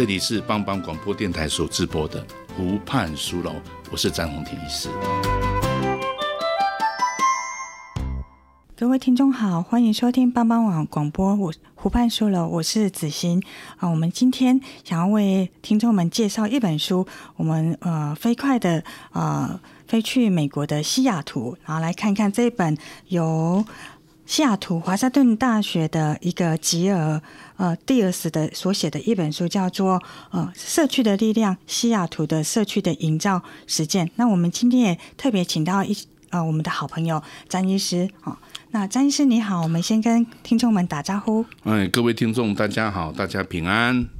這裡是幫幫廣播電台所直播的湖畔書樓，我是詹弘廷醫師。各位聽眾好，歡迎收聽幫幫網廣播，我湖畔書樓，我是子鑫啊、呃。我們今天想要為聽眾們介紹一本書，我們呃飛快的呃飛去美國的西雅圖，然後來看看這本由西雅圖華盛頓大學的一個吉爾。呃，蒂爾斯的所寫的一本書叫做《呃社區的力量：西雅圖的社區的營造實踐》。那我們今天也特別請到一呃，我們的好朋友詹醫師好，哦，那詹醫師你好，我們先跟聽眾們打招呼。哎，各位聽眾，大家好，大家平安。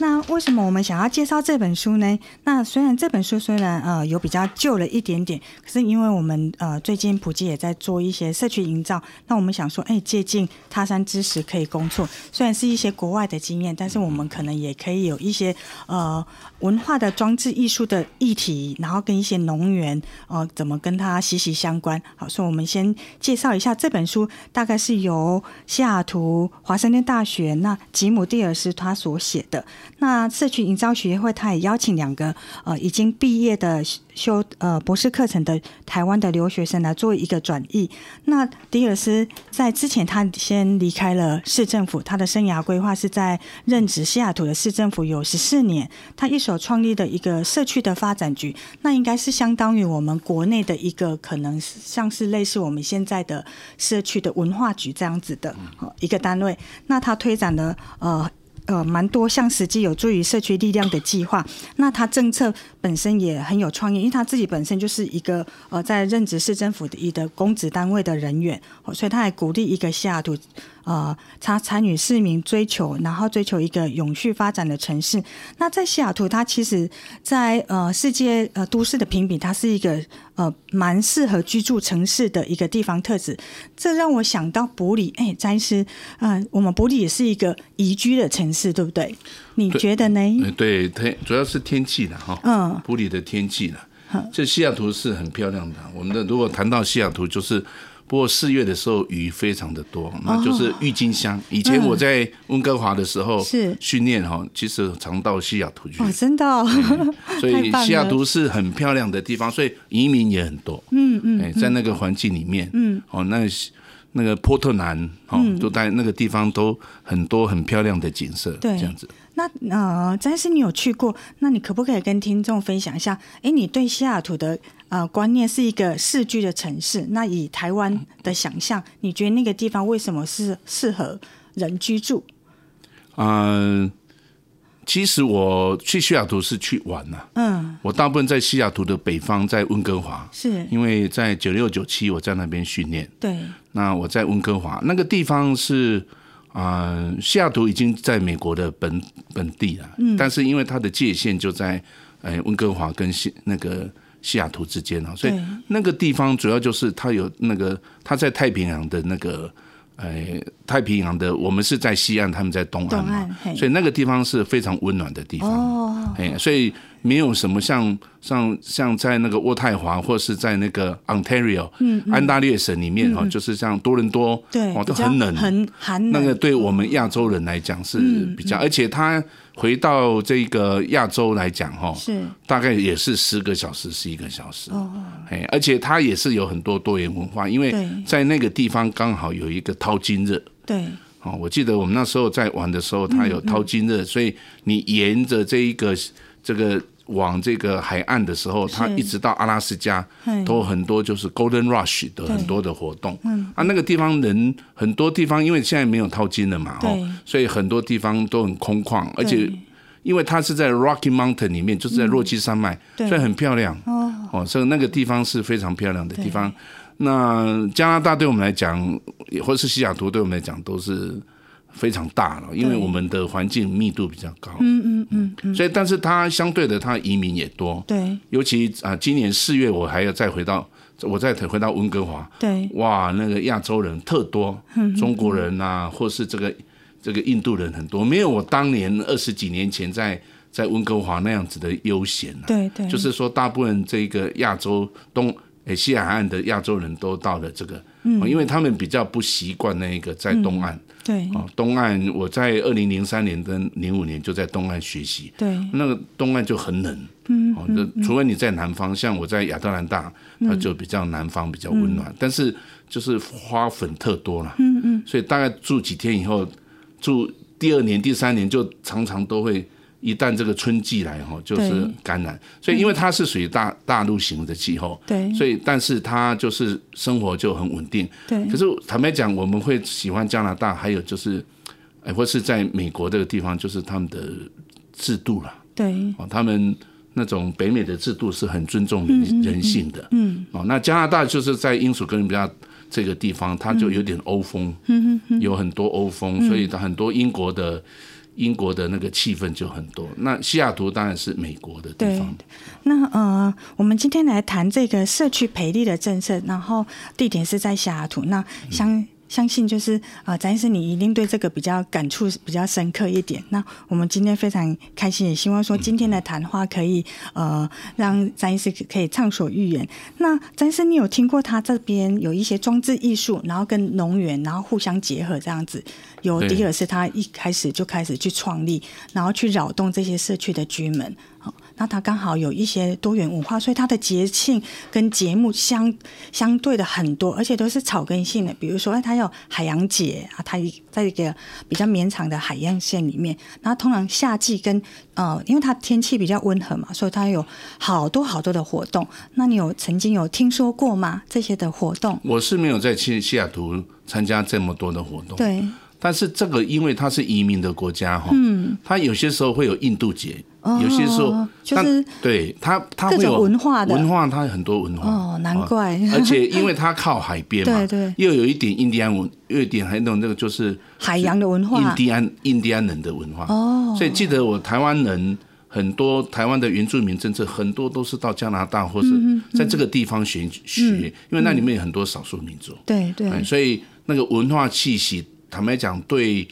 那為什麼我們想要介紹這本書呢？那雖然這本書雖然呃有比較舊了一點點，可是因為我們呃最近普及也在做一些社區營造，那我們想說，哎、欸，借鑒他山之石可以攻錯。雖然是一些國外的經驗，但是我們可能也可以有一些呃文化的裝置藝術的議題，然後跟一些農園呃怎麼跟它息息相關。好，所以我們先介紹一下這本書，大概是由西雅圖華盛頓大學那吉姆蒂爾斯他所寫的。那社區營造學會，他也邀請兩個呃已經畢業的修呃博士課程的台灣的留學生來做一個轉譯。那迪爾斯在之前他先離開了市政府，他的生涯規劃是在任職西雅圖的市政府有十四年，他一手創立的一個社區的發展局，那應該是相當於我們國內的一個可能像是類似我們現在的社區的文化局這樣子的，呃，一個單位。那他推展了呃。呃，蠻多項實際有助於社區力量的計劃。那他政策本身也很有創意，因為他自己本身就是一個呃，在任職市政府的一個公職單位的人員，所以他還鼓勵一個西雅圖，呃，他參與市民追求，然後追求一個永續發展的城市。那在西雅圖，它其實在，在呃世界呃都市的評比，它是一個呃蠻適合居住城市的一個地方特質。這讓我想到埔里，哎，詹醫師，嗯，我們埔里也是一個宜居的城市，對不對？你覺得呢？對，天，主要是天氣的哈。哦、嗯，埔里的天氣了。這西雅圖是很漂亮的。我們的如果談到西雅圖，就是。不過四月的時候雨非常的多，那就是鬱金香。哦、以前我在溫哥華的時候，是訓練哈，其實常到西雅圖去，哦，真的、哦嗯，所以西雅圖是很漂亮的地方， 了所以移民也很多。嗯嗯，哎、嗯欸，在那個環境裡面，嗯，哦，那那個波特蘭，哦，都、嗯、在那個地方都很多很漂亮的景色，對，這樣子。那呃，詹醫師，你有去過？那你可不可以跟聽眾分享一下？哎、欸，你對西雅圖的？啊、呃，觀念是一個市 G 的城市。那以台灣的想象，你覺得那個地方為什麼是適合人居住？嗯、呃，其實我去西雅圖是去玩吶、啊。嗯，我大部分在西雅圖的北方在溫，在溫哥華，是因為在九六九七我在那邊訓練。對，那我在溫哥華那個地方是嗯、呃，西雅圖已經在美國的本本地了。嗯，但是因為它的界限就在哎溫、呃、哥華跟西那個。西雅圖之間啊，所以那個地方主要就是它有那個，它在太平洋的那個，哎、欸，太平洋的我們是在西岸，他們在東岸嘛，岸，所以那個地方是非常溫暖的地方哦，哎、欸，所以沒有什麼像像像在那個渥太華，或是在那個 Ontario、嗯嗯、安大略省裡面就是像多倫多對、嗯、都很冷很寒冷，那個對我們亞洲人來講是比較，嗯嗯、而且它。回到這個亞洲來講，哈是，是大概也是十個小時，十一個小時，哦，哎，而且它也是有很多多元文化，因為在那個地方剛好有一個淘金熱，對，哦，我記得我們那時候在玩的時候，它有淘金熱，嗯嗯、所以你沿着這一個這個。往這個海岸的時候，它一直到阿拉斯加，是都很多就是 Golden Rush 的很多的活動。嗯，啊，那個地方人很多地方，因為現在沒有淘金了嘛，對哦，所以很多地方都很空曠，對而且因為它是在 Rocky Mountain 裡面，就是在洛基山脈，嗯，所以很漂亮。哦哦，所以那個地方是非常漂亮的地方。對那加拿大對我們來講，或者是西雅圖對我們來講，都是。非常大了，因為我們的環境密度比較高，嗯嗯嗯，嗯所以但是它相對的，它移民也多，對，尤其啊、呃，今年四月我還要再回到，我再回回到溫哥華，對，哇，那個亞洲人特多，中國人啊，嗯、或是這個這個印度人很多，沒有我當年二十幾年前在在溫哥華那樣子的悠閒對、啊、對，對就是說大部分這個亞洲東、西海岸的亞洲人都到了這個，嗯，因為他們比較不習慣那一個在東岸。嗯對、哦、東岸我在二零零三年跟零五年就在東岸學習，對那個東岸就很冷，嗯，那、嗯嗯、除了你在南方，像我在亞特蘭大，嗯、它就比較南方比較溫暖，嗯、但是就是花粉特多了，嗯，嗯嗯，所以大概住幾天以後，住第二年、第三年就常常都會。一旦這個春季來哈，就是感染，所以因為它是屬於大大陸型的氣候，對，所以但是它就是生活就很穩定，對。可是坦白講，我們會喜歡加拿大，還有就是，哎、呃，或是在美國這個地方，就是他們的制度啦，對。哦，他們那種北美的制度是很尊重人、嗯、人性的，嗯。哦，那加拿大就是在英屬哥倫比亞這個地方，它就有點歐風，嗯、有很多歐風，嗯、所以很多英國的。英國的那個氣氛就很多，那西雅圖當然是美國的地方。那呃，我們今天來談這個社區培力的政策，然後地點是在西雅圖。那像。嗯相信就是啊、呃，詹醫生你一定對這個比較感觸比較深刻一點。那我們今天非常開心，也希望說今天的談話可以呃讓詹醫生可以暢所欲言。那詹醫生你有聽過他這邊有一些裝置藝術，然後跟農園然後互相結合這樣子，有迪爾斯他一開始就開始去創立，然後去擾動這些社區的居民。那它剛好有一些多元文化，所以它的節慶跟節目相相對的很多，而且都是草根性的。比如說，哎，它有海洋節啊，它在一個比較綿長的海岸線裡面。那通常夏季跟呃，因為它天氣比較溫和嘛，所以它有好多好多的活動。那你有曾經有聽說過嗎？這些的活動？我是沒有在西西雅圖參加這麼多的活動。對。但是這個，因為它是移民的國家哈，它有些時候會有印度節，有些時候，就是對他，他會有文化的文化，它有很多文化哦，難怪。而且因為它靠海邊嘛，對對，又有一點印第安文，又有一點還懂那個就是海洋的文化，印第安印第安人的文化哦。所以記得我台灣人很多，台灣的原住民政策很多都是到加拿大或者在這個地方學學，因為那裡面有很多少數民族，對對，所以那個文化氣息。坦白講，對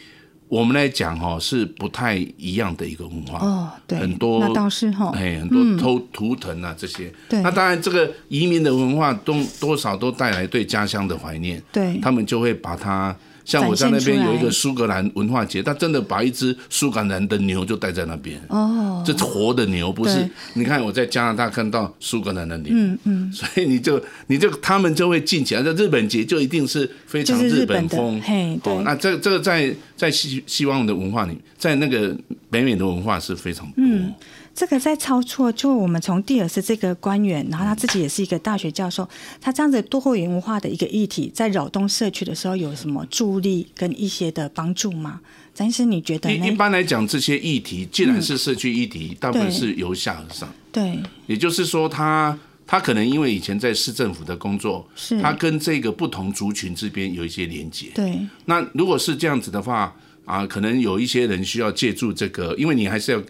我們來講，哈是不太一樣的一個文化。哦，對，很多、那倒是哈、哎、很多圖圖騰啊、嗯、這些。那當然，這個移民的文化都多少都帶來對家鄉的懷念。對，他們就會把它。像我在那邊有一個蘇格蘭文化節，他真的把一隻蘇格蘭的牛就帶在那邊，哦，這活的牛不是？對你看我在加拿大看到蘇格蘭的牛，嗯嗯，嗯所以你就你就他們就會進起來。這日本節就一定是非常日本風，本好對。那這這個在在西西方的文化裡面，在那個北美、美的文化是非常多。嗯這個在操作，就我們從蒂爾斯這個官員，然後他自己也是一個大學教授，嗯、他這樣子多元文化的一個議題，在擾動社區的時候，有什麼助力跟一些的幫助嗎？詹醫生，你覺得呢？一一般來講，這些議題既然是社區議題，大部分是由下而上。對，也就是說他，他他可能因為以前在市政府的工作，是他跟這個不同族群這邊有一些連接。對，那如果是這樣子的話，啊，可能有一些人需要借助這個，因為你還是要。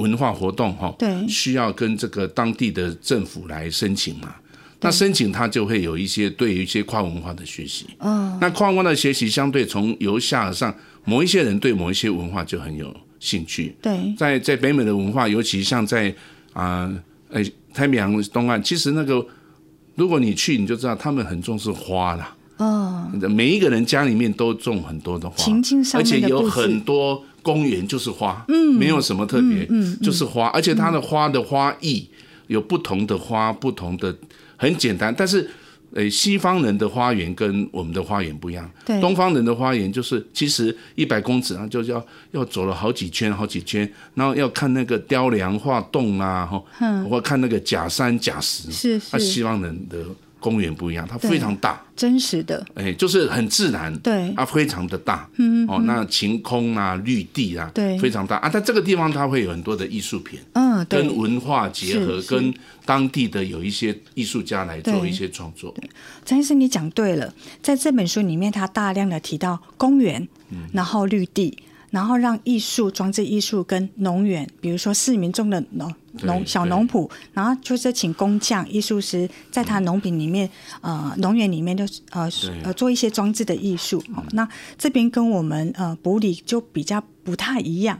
文化活動哈，對，需要跟這個當地的政府來申請嘛？對，那申請他就會有一些對於一些跨文化的學習。嗯、呃，那跨文化的學習相對從由下而上，某一些人對某一些文化就很有興趣。對，在在北美的文化，尤其像在啊，哎、呃，太平洋東岸，其實那個如果你去，你就知道他們很重視花啦。哦、呃，每一個人家裡面都種很多的花，的而且有很多。公園就是花，嗯、沒有什麼特別，嗯嗯嗯、就是花。而且它的花的花藝、嗯、有不同的花，不同的很簡單。但是，誒、呃，西方人的花園跟我們的花園不一樣。對東方人的花園就是其實一百公尺啊，就是要要走了好幾圈，好幾圈，然後要看那個雕梁畫棟啊，嗯、或看那個假山假石，是是，啊、西方人的。公園不一樣，它非常大，真實的，哎，就是很自然，對，它、啊、非常的大，嗯哼，哦，那晴空啊，綠地啊，對，非常大啊。在這個地方它會有很多的藝術品，嗯，對跟文化結合，跟當地的有一些藝術家來做一些創作。詹醫師，你講對了，在這本書裡面，他大量的提到公園，嗯，然後綠地。然後讓藝術裝置藝術跟農園，比如說市民種的農農小農圃，然後就是請工匠、藝術師在他農品裡面、嗯、呃農園裡面就，就是呃呃對做一些裝置的藝術。嗯哦、那這邊跟我們呃埔里就比較不太一樣，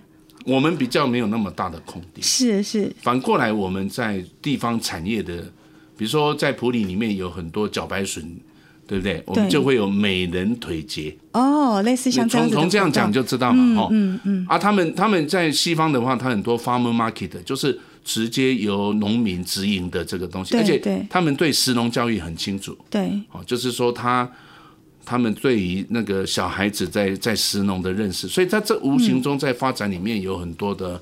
我們比較沒有那麼大的空地。是是，反過來我們在地方產業的，比如說在埔里裡面有很多茭白筍。對不對？對，我們就會有美人腿節哦，類似像從從這樣講就知道嘛，哦、嗯，嗯嗯，啊，他們他們在西方的話，他很多 farmer market 就是直接由農民直營的這個東西，對而且他們對食農教育很清楚，對，哦，就是說，他他們對於那個小孩子在在食農的認識，所以在這無形中在發展裡面有很多的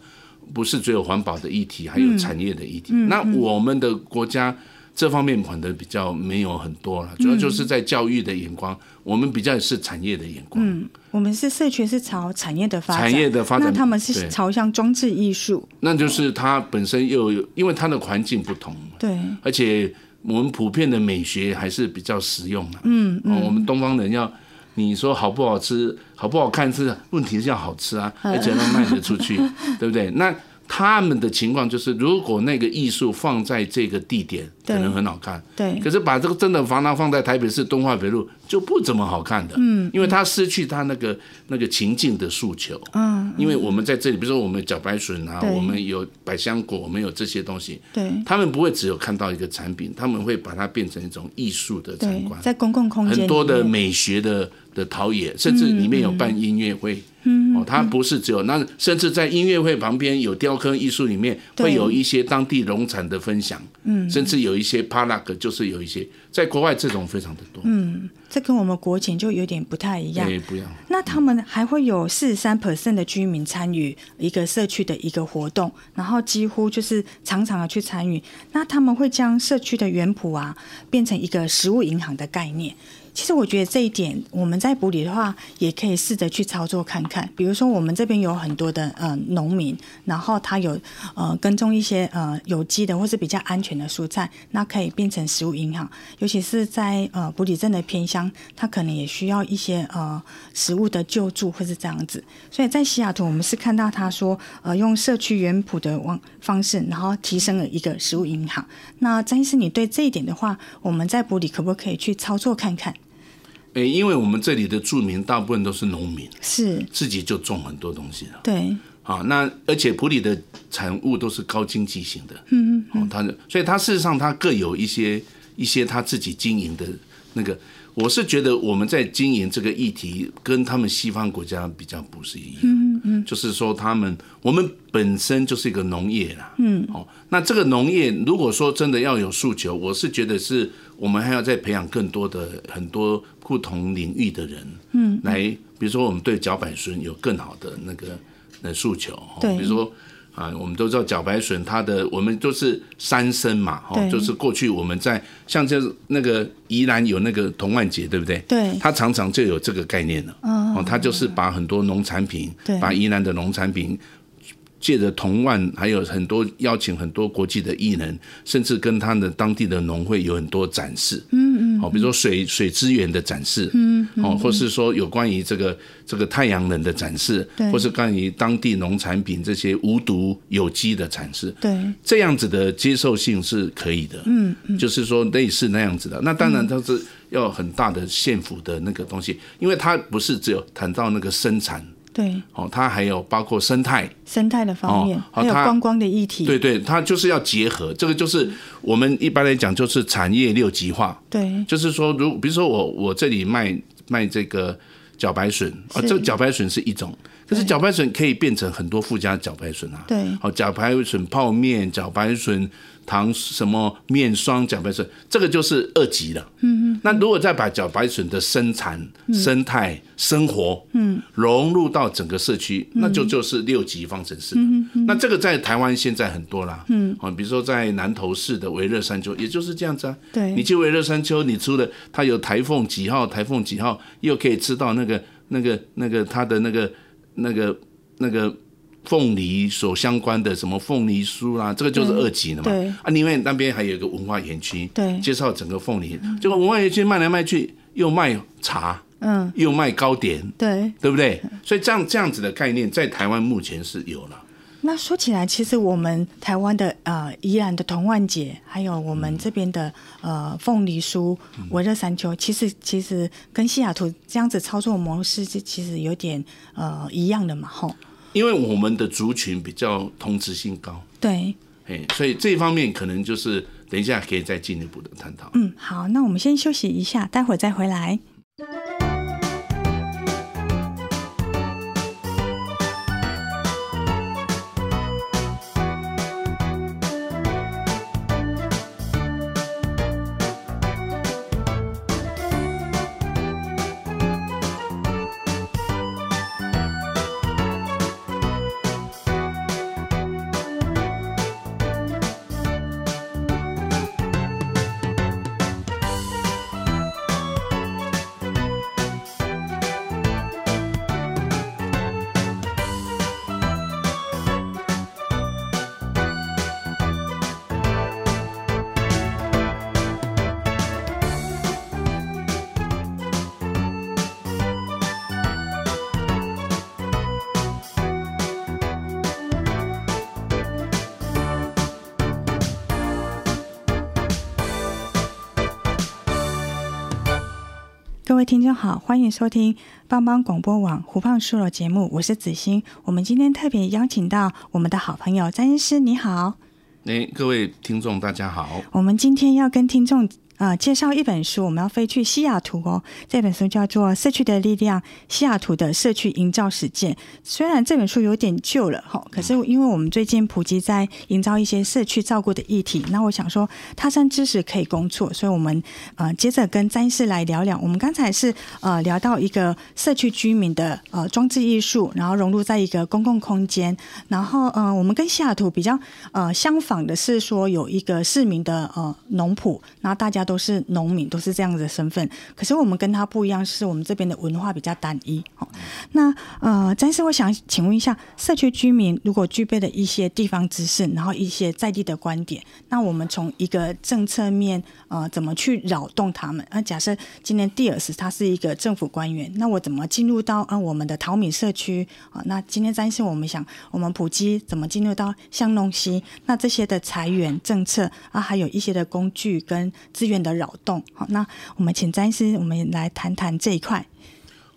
不是只有環保的議題，嗯、還有產業的議題。嗯嗯嗯、那我們的國家。這方面管的比較沒有很多了，主要就是在教育的眼光，我們比較是產業的眼光。嗯，嗯，我們是社區，是朝產業的發展。產業的發展，那他們是朝向裝置藝術。對對那就是它本身又有，因為它的環境不同。對。而且我們普遍的美學還是比較實用的、啊。對嗯、哦。我們東方人要你說好不好吃，好不好看是問題，是要好吃啊，呵呵呵呵而且要賣得出去，呵呵呵對不對？那。他們的情況就是，如果那個藝術放在這個地點，可能很好看。對。對可是把這個真的展覽放在台北市敦化北路，就不怎麼好看的。嗯。嗯因為它失去它那個那個情境的訴求。嗯。因為我們在這裡，比如說我們腳白筍啊，對我們有百香果，我們有這些東西。對。他們不會只有看到一個產品，他們會把它變成一種藝術的參觀，在公共空間很多的美學的的陶冶，甚至裡面有辦音樂會嗯。嗯。嗯它不是只有、嗯、那，甚至在音樂會旁邊有雕刻藝術，裡面會有一些當地農產的分享，嗯，甚至有一些帕拉克，就是有一些在國外這種非常的多，嗯，這跟我們國情就有點不太一樣，對、欸，不一樣。那他們還會有四十三 percent 的居民參與一個社區的一個活動，嗯、然後幾乎就是常常的去參與。那他們會將社區的園圃啊變成一個食物銀行的概念。其實我覺得這一點，我們在埔里的話，也可以試着去操作看看。比如說，我們這邊有很多的呃農民，然後他有呃耕種一些呃有機的或是比較安全的蔬菜，那可以變成食物銀行。尤其是在呃埔里鎮的偏鄉，他可能也需要一些呃食物的救助或是這樣子。所以在西雅圖，我們是看到他說呃用社區園圃的方方式，然後提升了一個食物銀行。那詹醫師，你對這一點的話，我們在埔里可不可以去操作看看？因為我們這裡的住民大部分都是農民，是自己就種很多東西了。對，啊，那而且埔里的產物都是高經濟型的，嗯，嗯，哦，他，所以他事實上他各有一些一些他自己經營的那個，我是覺得我們在經營這個議題跟他們西方國家比較不是一樣。嗯就是說，他們我們本身就是一個農業啦，嗯，哦，那這個農業如果說真的要有訴求，我是覺得是我們還要再培養更多的很多不同領域的人，嗯，來，比如說我們對腳板孫有更好的那個那訴求，嗯嗯、比如說。啊，我們都知道茭白筍，它的，我們都是三生嘛，哦對，就是過去我們在像這那個宜蘭有那個童玩節，對不對？對，他常常就有這個概念了，哦、嗯，他就是把很多農產品，對把宜蘭的農產品。借着同萬，還有很多邀請很多國際的藝人，甚至跟他的當地的農會有很多展示。嗯，嗯嗯，好，比如說水水資源的展示，嗯，嗯，嗯，哦，或是說有關於這個這個太陽能的展示，對，或是關於當地農產品這些無毒有機的展示，對，這樣子的接受性是可以的。嗯嗯對，就是說類似那樣子的。嗯嗯那當然它是要很大的縣府的那個東西，嗯、因為它不是只有談到那個生產。對，哦，它還有包括生態、生態的方面，哦、還有觀光的議題。對，對，它就是要結合，這個就是我們一般來講就是產業六級化。對，就是說如，如比如說我我這裡賣賣這個茭白筍啊是、哦，這個茭白筍是一種。可對是茭白筍可以變成很多附加茭白筍啊，對，哦，茭白筍泡麵、茭白筍糖、什麼面霜、茭白筍，這個就是二級了。嗯嗯。那如果再把茭白筍的生產、嗯、生態、生活，嗯，融入到整個社區，那就就是六級方程式嗯。嗯，嗯那這個在台灣現在很多啦。嗯。比如說在南投市的微熱山丘，也就是這樣子啊。對。你去微熱山丘，你除了它有台風幾號，台風幾號，又可以知道那個、那個、那個它的那個。那個、那個鳳梨所相關的什麼鳳梨酥啦、啊，這個就是二級的嘛。對。對啊，另外那邊還有一個文化園區，對，介紹整個鳳梨。結果文化園區賣來賣去，又賣茶，嗯，又賣糕點，對，對不對？所以這樣這樣子的概念，在台灣目前是有了。那說起來，其實我們台灣的呃，宜蘭的童玩節，還有我們這邊的、嗯、呃，鳳梨酥、微熱山丘，其實其實跟西雅圖這樣子操作模式，就其實有點呃一樣的嘛，吼。因為我們的族群比較同質性高，對，哎、欸，所以這方面可能就是等一下可以再進一步的探討。嗯，好，那我們先休息一下，待會再回來。您好，歡迎收聽幫幫廣播網湖畔書樓的節目，我是子鑫。我們今天特別邀請到我們的好朋友詹醫師，你好。哎，各位聽眾，大家好。我們今天要跟聽眾。啊、呃，介紹一本書，我們要飛去西雅圖哦。這本書叫做《社區的力量：西雅圖的社區營造實踐》。雖然這本書有點舊了哈，可是因為我們最近普及在營造一些社區照顧的議題，那我想說，他山之石可以攻錯，所以我們啊、呃、接着跟詹醫師來聊聊。我們剛才是呃聊到一個社區居民的呃裝置藝術，然後融入在一個公共空間。然後嗯、呃，我們跟西雅圖比較呃相仿的是說，有一個市民的呃農圃，那大家。都是農民，都是這樣子的身份。可是我們跟他不一樣，是我們這邊的文化比較單一。那呃，詹醫師，我想請問一下，社區居民如果具備了一些地方知識，然後一些在地的觀點，那我們從一個政策面呃，怎麼去擾動他們？那、啊、假設今天詹醫師他是一個政府官員，那我怎麼進入到啊我們的桃米社區啊？那今天詹醫師，我們想我們普及怎麼進入到巷弄溪那這些的財源政策啊，還有一些的工具跟資源。的擾動，好，那我們請詹師，我們來談談這一塊。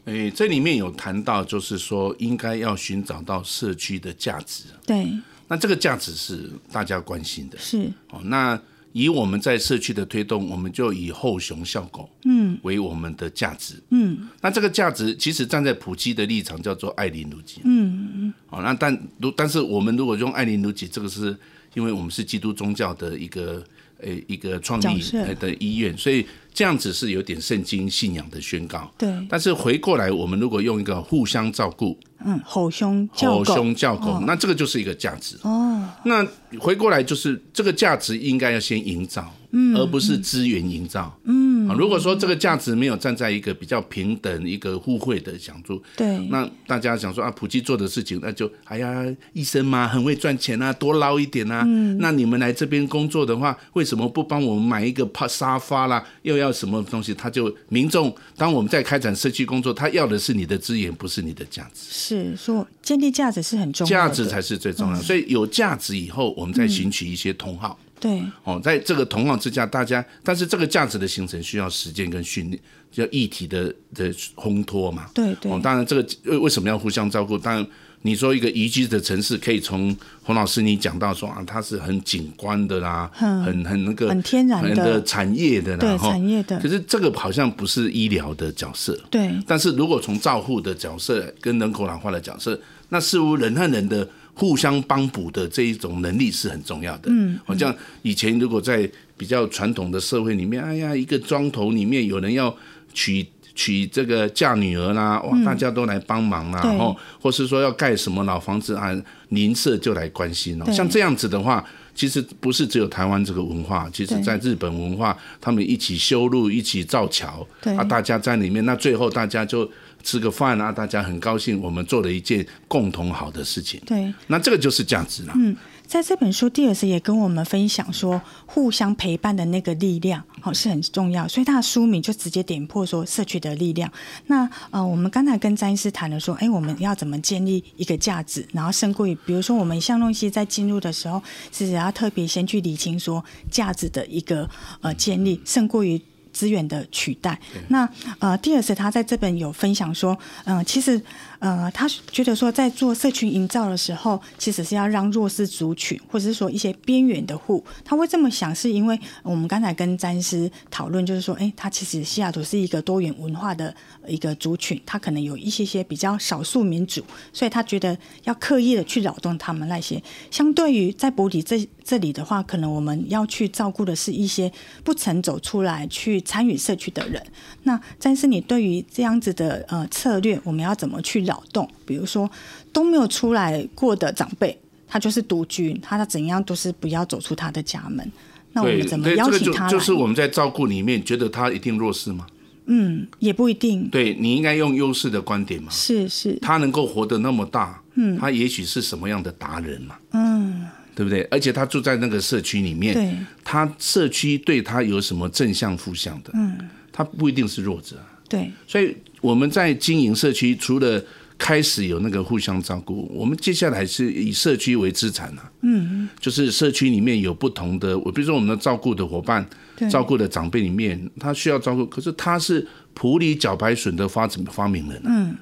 哎、欸，這裡面有談到，就是說應該要尋找到社區的價值。對，那這個價值是大家關心的，是哦。那以我們在社區的推動，我們就以後熊效狗，嗯，為我們的價值。嗯，那這個價值其實站在普及的立場叫做愛鄰如己。嗯嗯。哦，那但如但是我們如果用愛鄰如己，這個是因為我們是基督宗教的一個。誒，一個創立的醫院，講學，所以這樣子是有點聖經信仰的宣告。對，但是回過來，我們如果用一個互相照顧，嗯，吼兄教狗，吼兄教狗，哦，那這個就是一個價值。哦，那回過來就是這個價值應該要先營造，而不是資源營造嗯。嗯，如果說這個價值沒有站在一個比較平等、一個互惠的角度，對，那大家想說啊，普及做的事情，那就哎呀，醫生嘛，很會賺錢啊，多撈一點啊。嗯，那你們來這邊工作的話，為什麼不幫我們買一個泡沙發啦？又要什麼東西？他就民眾，當我們在開展社區工作，他要的是你的資源，不是你的價值。是說建立價值是很重要，要，價值才是最重要的。嗯、所以有價值以後，我們再尋求一些同好。對，哦，在這個同行之下，大家，但是這個價值的形成需要時間跟訓練，要議題的的烘托嘛。對對，當然這個為什麼要互相照顧？當然你說一個宜居的城市，可以從洪老師你講到說啊，它是很景觀的啦，嗯、很很那個很天然的、的產業的啦，產業的，對，產業的。可是這個好像不是醫療的角色，對。但是如果從照顧的角色跟人口老化的角色，那似乎人和人的。互相幫補的這一種能力是很重要的。嗯，好像以前如果在比較傳統的社會裡面，哎呀，一個莊頭裡面有人要娶娶這個嫁女兒啦，哇，大家都來幫忙啦、啊。然後、嗯，或是說要蓋什麼老房子啊，鄰舍就來關心哦。對像這樣子的話，其實不是只有台灣這個文化，其實在日本文化，他們一起修路，一起造橋，對啊，大家在裡面，那最後大家就。吃個飯啊，大家很高興，我們做了一件共同好的事情。對，那這個就是價值了。嗯，在這本書，第二次也跟我們分享說，互相陪伴的那個力量，哦，是很重要。所以他的書名就直接點破說，社區的力量。那呃，我們剛才跟詹醫師談了說，哎、欸，我們要怎麼建立一個價值，然後勝過於，比如說我們像那些在進入的時候，是要特別先去釐清說價值的一個呃建立，勝過於。資源的取代。那呃，嗯、第二是他在這本有分享說，嗯、呃，其實。呃，他覺得說，在做社群營造的時候，其實是要讓弱勢族群，或者是說一些邊緣的戶，他會這麼想，是因為我們剛才跟詹師討論，就是說，哎，他其實西雅圖是一個多元文化的一個族群，他可能有一些些比較少數民族，所以他覺得要刻意的去擾動他們那些。相對於在埔里這這裡的話，可能我們要去照顧的是一些不曾走出來去參與社區的人。那詹師，你對於這樣子的呃策略，我們要怎麼去？擾動，比如說都沒有出來過的長輩，他就是獨居，他怎樣都是不要走出他的家門。那我們怎麼邀請他，這個就，就是我們在照顧裡面，覺得他一定弱勢嗎？嗯，也不一定。對，你應該用優勢的觀點嘛。是是，是他能夠活得那麼大，嗯，他也許是什麼樣的達人嘛，嗯，對不對？而且他住在那個社區裡面，對，他社區對他有什麼正向負向的，嗯，他不一定是弱者。對，所以我們在經營社區，除了開始有那個互相照顧，我們接下來是以社區為資產啊，嗯，就是社區裡面有不同的，我比如說我們的照顧的夥伴，對照顧的長輩裡面，他需要照顧，可是他是埔里茭白筍的發展發明人啊，嗯，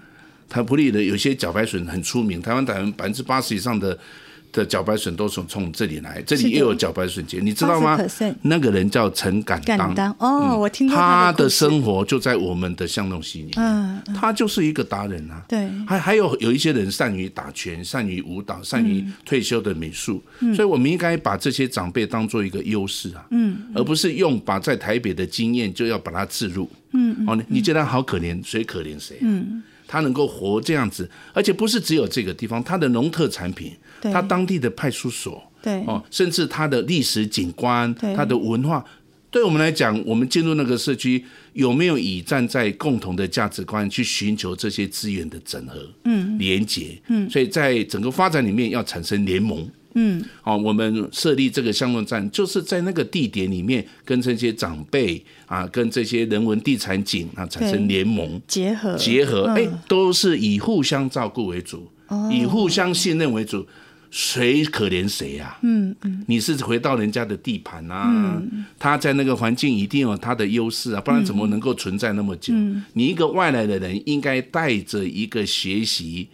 他埔里的有些茭白筍很出名，台灣台灣百分之八十以上的。的茭白筍都從從這裡來，這裡又有茭白筍節，你知道嗎？那個人叫陳敢當。哦，我聽他的生活就在我們的巷弄裡。嗯，他就是一個達人啊。對。還還有有一些人善於打拳，善於舞蹈，善於退休的美術。所以，我們應該把這些長輩當做一個優勢啊。嗯。而不是用把在台北的經驗就要把它置入。嗯。哦，你你覺得好可憐？誰可憐誰？嗯。他能夠活這樣子，而且不是只有這個地方，他的農特產品。他當地的派出所，對哦，甚至他的歷史景觀，對他的文化，對我們來講，我們進入那個社區，有沒有以站在共同的價值觀去尋求這些資源的整合，嗯，連接結，嗯，所以在整個發展裡面要產生聯盟，嗯，哦，我們設立這個巷弄站，就是在那個地點裡面跟這些長輩啊，跟這些人文地產景啊產生聯盟結合結合，哎合，嗯，都是以互相照顧為主，哦，以互相信任為主。誰可憐誰呀？啊嗯？嗯嗯，你是回到人家的地盤啊？嗯、他在那個環境一定有他的優勢啊，不然怎麼能夠存在那麼久？嗯嗯、你一個外來的人，應該帶着一個學習、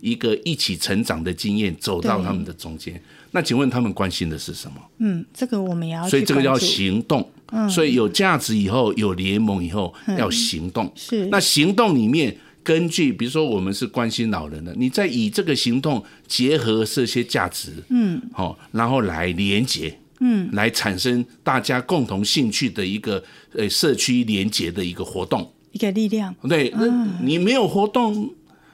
一個一起成長的經驗走到他們的中間。對那請問他們關心的是什麼？嗯，這個我們要。所以這個要行動。嗯，所以有價值以後，有聯盟以後、嗯、要行動。是。那行動裡面。根據比如說我們是關心老人的，你再以這個行動結合這些價值，嗯，好，然後，來連接，嗯，來產生大家共同興趣的一個呃社區連接的一個活動，一個力量。對，那你沒有活動，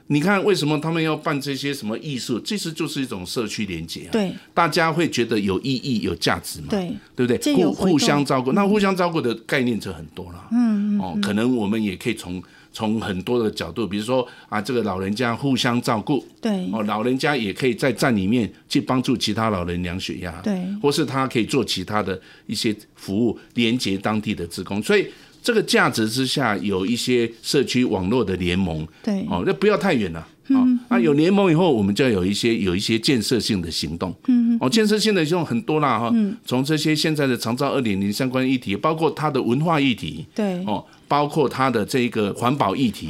你看為什麼他們要辦這些什麼藝術？其實就是一種社區連接啊，對，大家會覺得有意義、有價值嘛，對，對不對？互互相照顧，那互相照顧的概念就很多了，嗯，哦，可能我們也可以從。從很多的角度，比如說啊，這個老人家互相照顧，對哦，老人家也可以在站裡面去幫助其他老人量血壓，對，或是他可以做其他的一些服務，連接當地的志工，所以這個價值之下有一些社區網絡的聯盟，對哦，那不要太遠了、哦、嗯，那、嗯啊、有聯盟以後，我們就要有一些有一些建設性的行動，嗯嗯，哦，建設性的行動很多啦哈，哦嗯、從這些現在的長照二點零相關議題，包括它的文化議題，對哦。包括它的這個環保議題，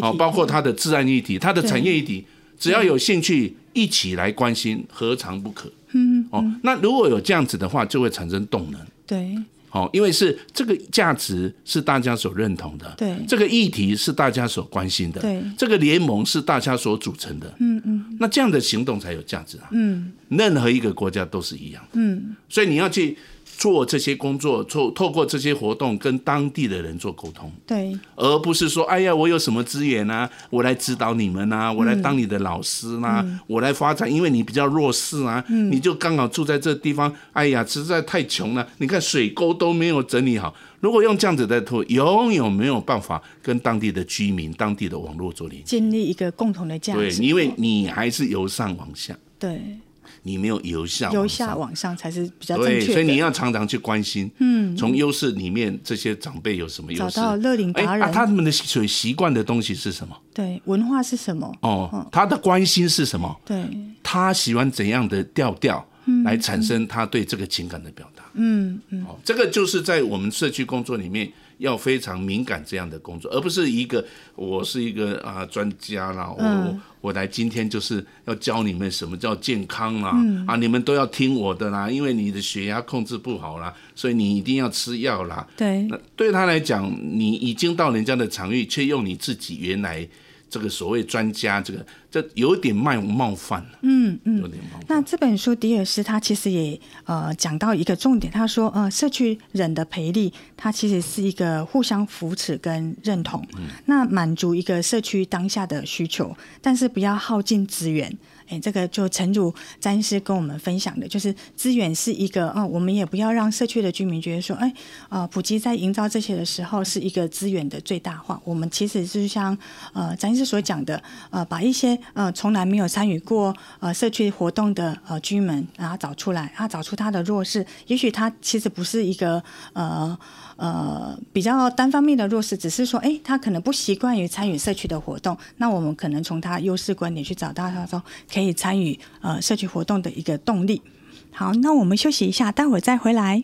好，包括它的治安議題，它的產業議題，只要有興趣一起來關心，何嘗不可？嗯，哦，那如果有這樣子的話，就會產生動能。對，哦，因為是這個價值是大家所認同的，對，這個議題是大家所關心的，對，這個聯盟是大家所組成的，嗯嗯，那這樣的行動才有價值啊。嗯，任何一個國家都是一樣。嗯，所以你要去。做這些工作，做透過這些活動跟當地的人做溝通，對，而不是說，哎呀，我有什麼資源啊，我來指導你們吶、啊，我來當你的老師啊、嗯、我來發展，因為你比較弱勢啊，嗯、你就剛好住在這地方，哎呀，實在太窮了，你看水溝都沒有整理好，如果用這樣子在做，永遠沒有辦法跟當地的居民、當地的網絡做聯繫，建立一個共同的價值，對，因為你還是由上往下，對。你沒有由下由下往上才是比較正確的，所以你要常常去關心，嗯，從優勢裡面這些長輩有什麼優勢？找到樂齡達人，啊，他們的習習慣的東西是什麼？對，文化是什麼？哦，他的關心是什麼？對，他喜歡怎樣的調調？嗯，來產生他對這個情感的表達。嗯嗯，哦，這個就是在我們社區工作裡面。要非常敏感這樣的工作，而不是一個我是一個啊呃、專家啦，我、嗯哦、我來今天就是要教你們什麼叫健康啦，嗯、啊你們都要聽我的啦，因為你的血壓控制不好啦，所以你一定要吃藥啦。對，那對他來講，你已經到人家的場域，卻用你自己原來。這個所謂專家，這個這有點冒冒犯，嗯嗯，有點冒犯。嗯嗯，那這本書《迪爾斯》他其實也呃講到一個重點，他說呃社區人的培力，他其實是一個互相扶持跟認同，嗯，那滿足一個社區當下的需求，但是不要耗盡資源。哎、欸，這個就誠如詹醫師跟我們分享的，就是資源是一個，哦、呃，我們也不要讓社區的居民覺得說，哎、欸，啊、呃，普及在營造這些的時候是一個資源的最大化。我們其實就像呃詹醫師所講的，呃，把一些呃從來沒有參與過呃社區活動的呃居民，然後找出來，啊，找出他的弱勢，也許他其實不是一個呃。呃，比較單方面的弱勢，只是說，哎、欸，他可能不習慣於參與社區的活動，那我們可能從他優勢觀點去找到他說可以參與呃社區活動的一個動力。好，那我們休息一下，待會兒再回來。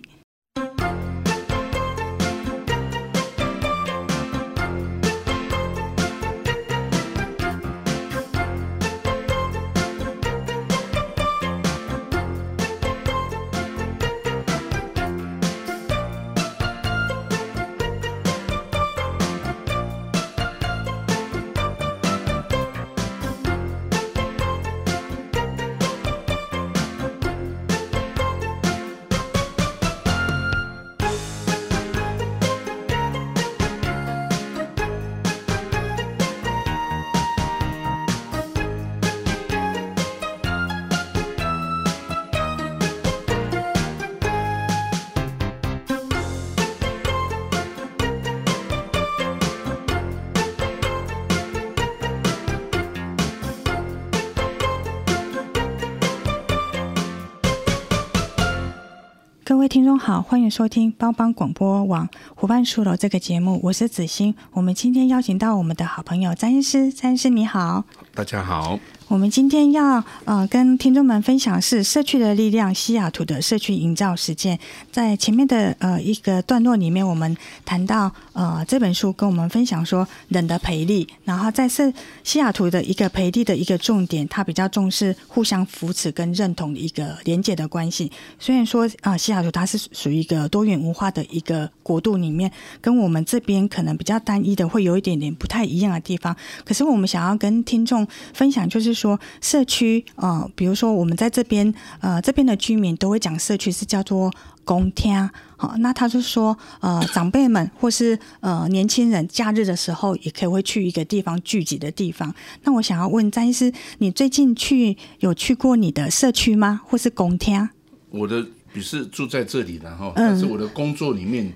聽眾好，歡迎收聽幫幫廣播網湖畔書樓這個節目，我是子鑫。我們今天邀請到我們的好朋友詹醫師，詹醫師你好，大家好。我們今天要呃跟聽眾們分享是社區的力量，西雅圖的社區營造實踐。在前面的呃一個段落裡面，我們談到呃這本書跟我們分享說人的培力，然後在西西雅圖的一個培力的一個重點，它比較重視互相扶持跟認同一個連接的關係。雖然說啊、呃、西雅圖它是屬於一個多元文化的一個國度裡面，跟我們這邊可能比較單一的會有一點點不太一樣的地方，可是我們想要跟聽眾分享就是說。說社區啊、呃，比如說我們在這邊呃這邊的居民都會講社區是叫做公廳，好、哦，那他就說呃長輩們或是呃年輕人假日的時候也可以會去一個地方聚集的地方。那我想要問詹醫師，你最近去有去過你的社區嗎？或是公廳？我的也是住在這裡的然後，但是我的工作裡面。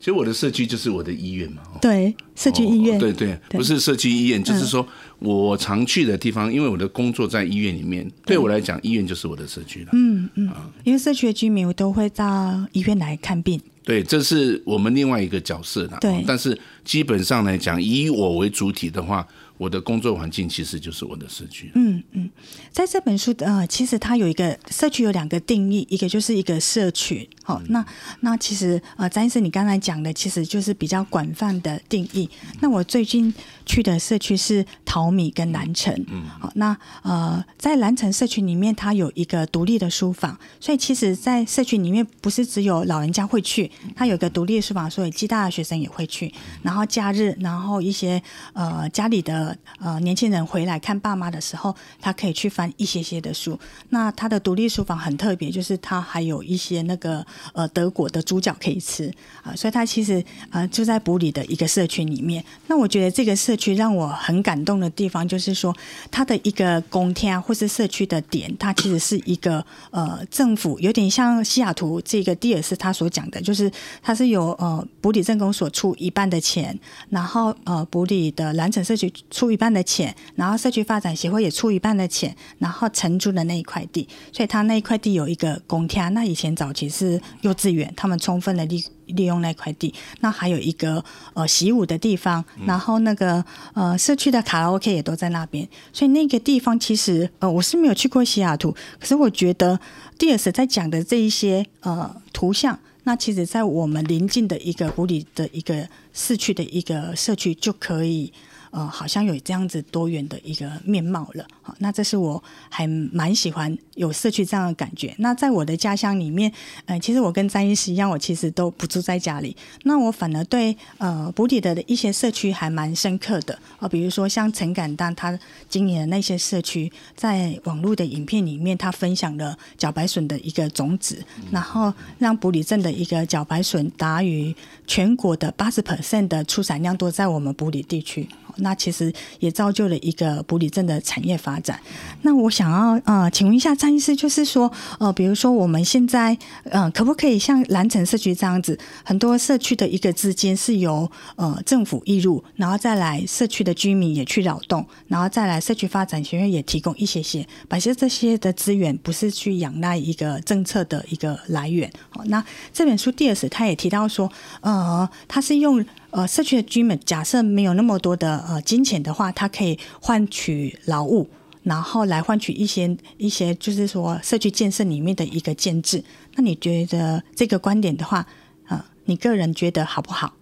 其實我的社區就是我的醫院嘛、哦。對，社區醫院、哦。對對，不是社區醫院，對，就是說我常去的地方，因為我的工作在醫院裡面，嗯、對我來講，醫院就是我的社區了。嗯嗯，因為社區的居民我都會到醫院來看病。對，這是我們另外一個角色啦。對，但是基本上來講，以我為主體的話，我的工作環境其實就是我的社區。嗯嗯，在這本書的、呃，其實它有一個社區有兩個定義，一個就是一個社群。好，那那其實呃，詹醫生，你剛才講的其實就是比較廣泛的定義。嗯，那我最近去的社區是桃米跟南城，嗯，嗯，好，那呃，在南城社區裡面，它有一個獨立的書房，所以其實，在社區裡面不是只有老人家會去，它有一個獨立的書房，所以暨大的學生也會去。然後假日，然後一些呃家裡的呃年輕人回來看爸媽的時候，他可以去翻一些些的書。那他的獨立書房很特別，就是他還有一些那個。呃，德國的豬腳可以吃啊，所以它其實啊、呃、就在埔里的一個社區裡面。那我覺得這個社區讓我很感動的地方，就是說它的一個公廳啊，或是社區的點，它其實是一個呃政府有點像西雅圖這個迪爾斯他所講的，就是它是由呃埔里鎮公所出一半的錢，然後呃埔里的藍城社區出一半的錢，然後社區發展協會也出一半的錢，然後承租的那一塊地，所以它那一塊地有一個公廳。那以前早期是。幼稚園，他們充分的利利用那塊地，那還有一個呃習武的地方，嗯、然後那個呃社區的卡拉 OK 也都在那邊，所以那個地方其實呃我是沒有去過西雅圖，可是我覺得蒂爾斯在講的這一些呃圖像，那其實在我們鄰近的一個埔里的一個市區的一個社區就可以。哦、呃，好像有這樣子多元的一個面貌了。好，那這是我還蠻喜歡有社區這樣的感覺。那在我的家鄉裡面，呃，其實我跟詹醫師一樣，我其實都不住在家裡。那我反而對呃埔里的一些社區還蠻深刻的哦、呃，比如說像陳敢當，他經營的那些社區，在網絡的影片裡面，他分享了茭白筍的一個種子，嗯、然後讓埔里鎮的一個茭白筍達於全國的八十%的出產量都在我們埔里地區。呃它其實也造就了一個埔里鎮的產業發展。那我想要呃，請問一下詹醫師，就是說呃，比如說我們現在嗯、呃，可不可以像籃城社區這樣子，很多社區的一個資金是由呃政府挹入，然後再來社區的居民也去勞動，然後再來社區發展學院也提供一些些把這些這些的資源，不是去仰賴一個政策的一個來源。哦，那這本書第二次他也提到說，呃，他是用。呃，社區的居民假設沒有那麼多的呃金錢的話，他可以換取勞務，然後來換取一些一些，就是說社區建設裡面的一個建制。那你覺得這個觀點的話，啊，你個人覺得好不好？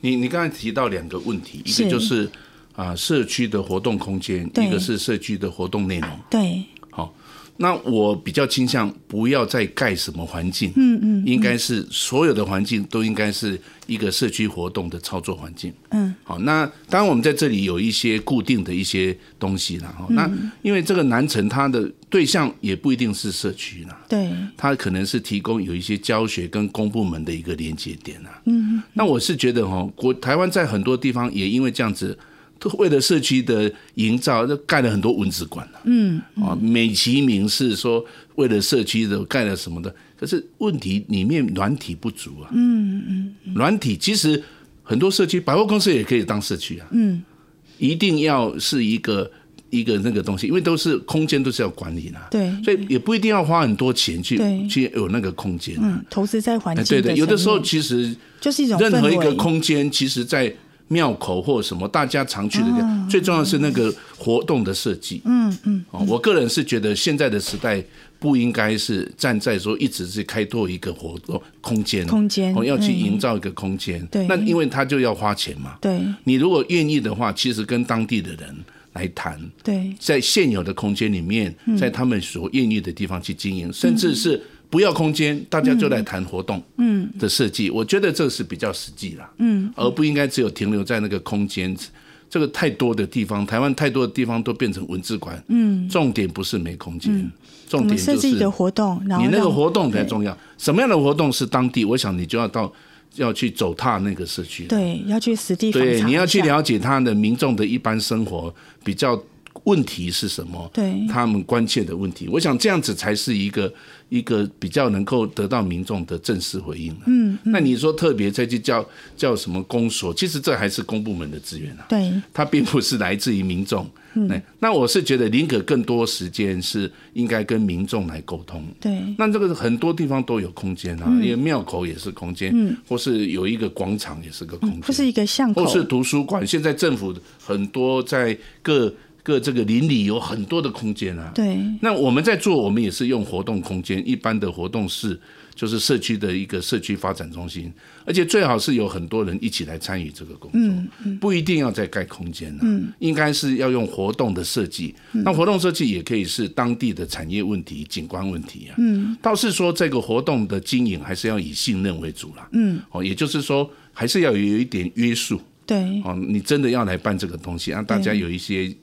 你你剛才提到兩個問題，是一個就是啊社區的活動空間，對一個是社區的活動內容，對。那我比較傾向不要再蓋什麼環境，嗯嗯，嗯嗯應該是所有的環境都應該是一個社區活動的操作環境。嗯，好，那當然我們在這裡有一些固定的一些東西啦。哦、嗯，那因為這個南城它的對象也不一定是社區啦，對、嗯，它可能是提供有一些教學跟公部門的一個連接點啊、嗯。嗯，那我是覺得哦，國台灣在很多地方也因為這樣子。為了社區的營造，就蓋了很多蚊子館了、啊嗯。嗯，啊，美其名是說為了社區的蓋了什麼的，可是問題裡面軟體不足啊。嗯嗯軟體其實很多社區百貨公司也可以當社區啊。嗯。一定要是一個一個那個東西，因為都是空間都是要管理的。對。所以也不一定要花很多錢去對去有那個空間、啊。嗯，投資在環境。欸、對的，有的時候其實就是一種任何一個空間，其實在。廟口或什麼大家常去的地方，啊，最重要是那個活動的設計，嗯。嗯嗯，我個人是覺得現在的時代不應該是站在說一直是開拓一個活動空間，空間，我，哦，要去營造一個空間，嗯。對，那因為他就要花錢嘛。對，你如果願意的話，其實跟當地的人來談。對，在現有的空間裡面，在他們所願意的地方去經營，嗯，甚至是。不要空間，大家就來談活動的設計，嗯嗯、我覺得這是比較實際啦，嗯嗯、而不應該只有停留在那個空間，這個太多的地方，台灣太多的地方都變成蚊子館，嗯，重點不是沒空間，嗯嗯、重點就是活動，然後你那個活動才重要，對什麼樣的活動是當地，我想你就要到要去走踏那個社區，對，要去實地，對，你要去了解他的民眾的一般生活比較。問題是什麼？對，他們關切的問題，我想這樣子才是一個一個比較能夠得到民眾的正式回應，啊、嗯，嗯那你說特別再去叫叫什麼公所，其實這還是公部門的資源，啊、對，它並不是來自於民眾，嗯。那我是覺得寧可更多時間是應該跟民眾來溝通。對，那這個很多地方都有空間啊，嗯，因為廟口也是空間，嗯，或是有一個廣場也是個空間，不，嗯，是一個巷口或是圖書館。現在政府很多在各。各這個鄰里有很多的空間啊，對。那我們在做，我們也是用活動空間，一般的活動室就是社區的一個社區發展中心，而且最好是有很多人一起來參與這個工作，嗯嗯、不一定要再蓋空間啊，嗯、應該是要用活動的設計。嗯、那活動設計也可以是當地的產業問題、景觀問題啊。嗯。倒是說這個活動的經營還是要以信任為主啦。嗯。哦，也就是說還是要有一點約束。對。哦，你真的要來辦這個東西，讓大家有一些。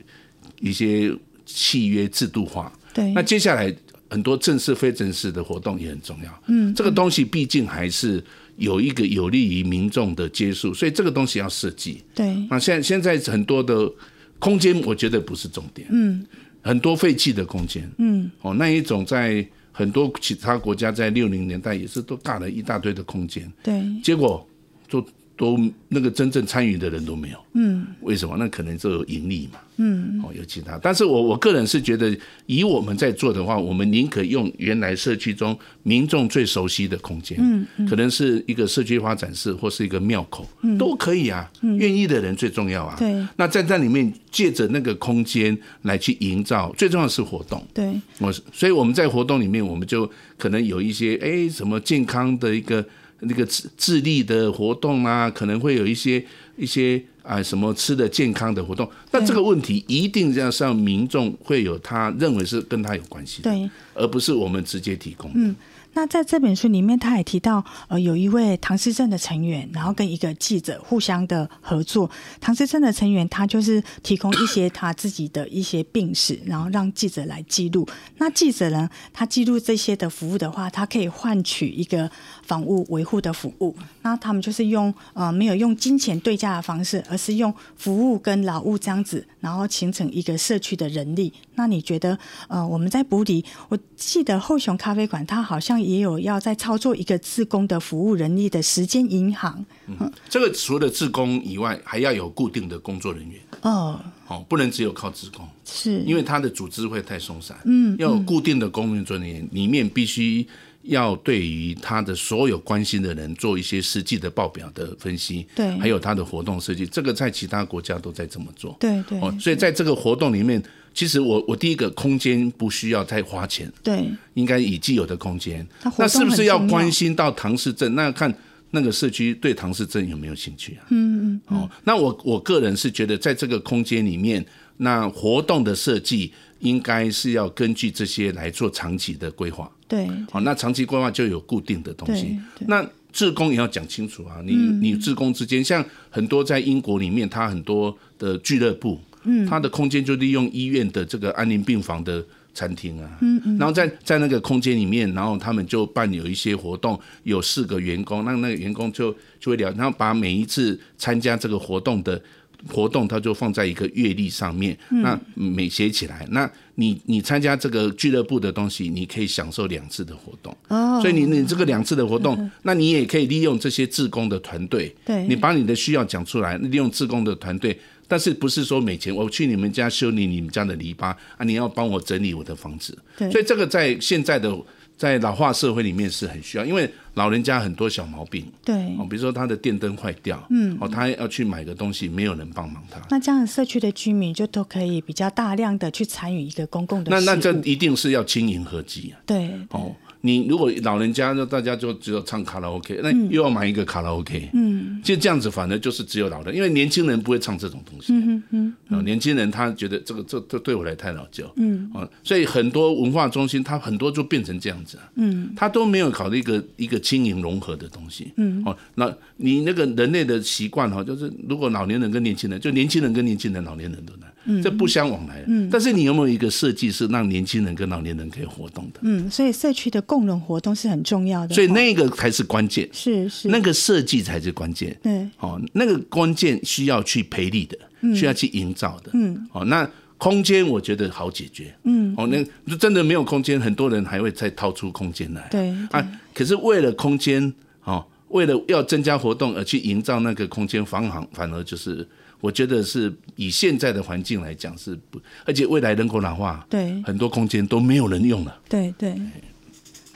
一些契約制度化，對。那接下來很多正式、非正式的活動也很重要。嗯，這個東西畢竟還是有一個有利於民眾的接觸，所以這個東西要設計。對。那現現在很多的空間，我覺得不是重點。嗯。很多廢棄的空間。嗯。哦，那一種在很多其他國家在六零年代也是都搭了一大堆的空間。對。結果做。都那個真正參與的人都沒有，嗯，為什麼？嗯、那可能就有盈利嘛，嗯，哦，有其他。但是我我個人是覺得，以我們在做的話，我們寧可用原來社區中民眾最熟悉的空間，嗯，嗯，可能是一個社區發展室或是一個廟口，嗯，都可以啊，嗯，願意的人最重要啊，嗯、對。那在那裡面借着那個空間來去營造，最重要的是活動，對。我所以我們在活動裡面，我們就可能有一些，哎，什麼健康的一個。那個智智力的活動啊，可能會有一些一些啊、呃、什麼吃的健康的活動，那對這個問題一定要讓民眾會有他認為是跟他有關係的，對，而不是我們直接提供的。嗯那在這本書裡面，他也提到，呃，有一位唐氏症的成員，然後跟一個記者互相的合作。唐氏症的成員，他就是提供一些他自己的一些病史，然後讓記者來記錄。那記者呢，他記錄這些的服務的話，他可以換取一個房屋維護的服務。那他們就是用呃，沒有用金錢對價的方式，而是用服務跟勞務這樣子，然後形成一個社區的人力。那你覺得，呃，我們在埔里，我記得後熊咖啡館，他好像。也有要在操作一個志工的服務人力的時間銀行，嗯，這個除了志工以外，還要有固定的工作人員哦，哦，不能只有靠志工，是因為他的組織會太鬆散，嗯，要有固定的工作人員、嗯、裡面必須要對於他的所有關心的人做一些實際的報表的分析，對，還有他的活動設計，這個在其他國家都在這麼做，對對、哦，所以在這個活動裡面。其實我我第一個空間不需要太花錢，對，應該以既有的空間。那是不是要關心到唐氏症？那要看那個社區對唐氏症有沒有興趣啊？嗯，嗯嗯。哦，那我我個人是覺得，在這個空間裡面，那活動的設計應該是要根據這些來做長期的規劃。對。好、哦，那長期規劃就有固定的東西。那志工也要講清楚啊！你你志工之間，嗯、像很多在英國裡面，他很多的俱樂部。嗯，他的空間就利用醫院的這個安寧病房的餐廳啊，嗯，然後在在那個空間裡面，然後他們就辦有一些活動，有四個員工，那那個員工就就會聊，然後把每一次參加這個活動的活動，他就放在一個月曆上面，那每寫起來。那你你參加這個俱樂部的東西，你可以享受兩次的活動哦，所以你你這個兩次的活動，那你也可以利用這些志工的團隊，對，你把你的需要講出來，利用志工的團隊。但是不是說沒錢？我去你們家修理你們家的籬笆啊！你要幫我整理我的房子。對，所以這個在現在的在老化社會裡面是很需要，因為老人家很多小毛病。對，哦，比如說他的電燈壞掉，嗯，哦，他要去買個東西，沒有人幫忙他，嗯。那這樣社區的居民就都可以比較大量的去參與一個公共的。那那這一定是要經營合計啊。對，哦。你如果老人家，那大家就只有唱卡拉 OK，那又要買一個卡拉 OK，嗯，就這樣子，反正就是只有老人，因為年輕人不會唱這種東西，嗯嗯啊，年輕人他覺得這個這這對我來太老舊，嗯，啊，所以很多文化中心，他很多就變成這樣子，嗯，他都沒有考慮一個一個青銀融合的東西，嗯，哦，那你那個人類的習慣哈，就是如果老年人跟年輕人，就年輕人跟年輕人，老年人都來。嗯、這不相往來的，嗯，但是你有沒有一個設計是讓年輕人跟老年人可以活動的？嗯，所以社區的共融活動是很重要的，所以那個才是關鍵，是是，那個設計才是關鍵，對、哦，那個關鍵需要去培力的，嗯、需要去營造的，嗯，哦，那空間我覺得好解決，嗯，哦，那真的沒有空間，很多人還會再掏出空間來對，對，啊，可是為了空間，哦，為了要增加活動而去營造那個空間，方行反而就是。我覺得是以現在的環境來講是不，而且未來人口老化，對，很多空間都沒有人用了。對對，對。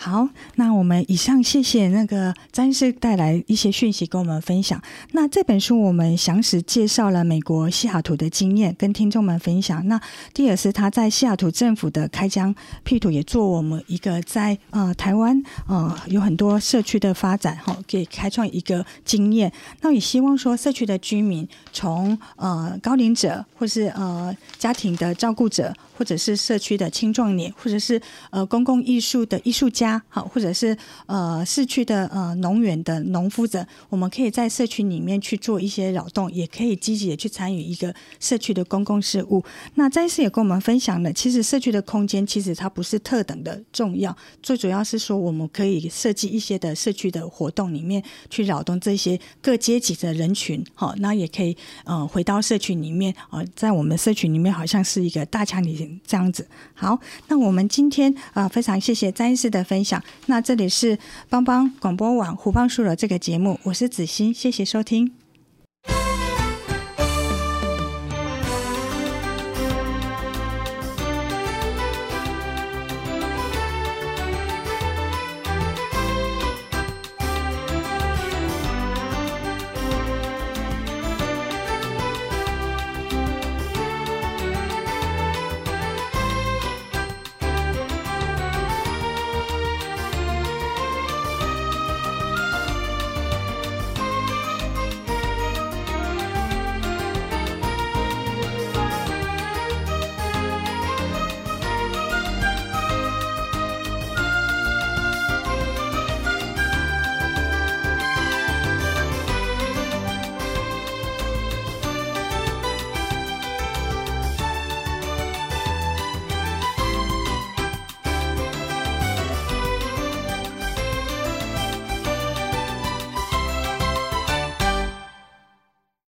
好，那我們以上謝謝那個詹醫師帶來一些訊息跟我們分享。那這本書我們詳實介紹了美國西雅圖的經驗，跟聽眾們分享。那第二是他在西雅圖政府的開疆闢土，也做我們一個在呃台灣呃有很多社區的發展哈，可以、哦、開創一個經驗。那我也希望說社區的居民從，從呃高齡者，或是呃家庭的照顧者，或者是社區的青壯年，或者是呃公共藝術的藝術家。好，或者是呃，市區的呃，農園的農夫者，我們可以在社區裡面去做一些擾動，也可以積極的去參與一個社區的公共事務。那詹醫師也跟我們分享了，其實社區的空間其實它不是特等的重要，最主要是說我們可以設計一些的社區的活動裡面去擾動這些各階級的人群。好、哦，那也可以呃回到社區裡面啊、哦，在我們社區裡面好像是一個大強體這樣子。好，那我們今天啊、呃，非常謝謝詹醫師的分。那這裡是幫幫廣播網湖畔書樓的這個節目，我是子鑫，謝謝收聽。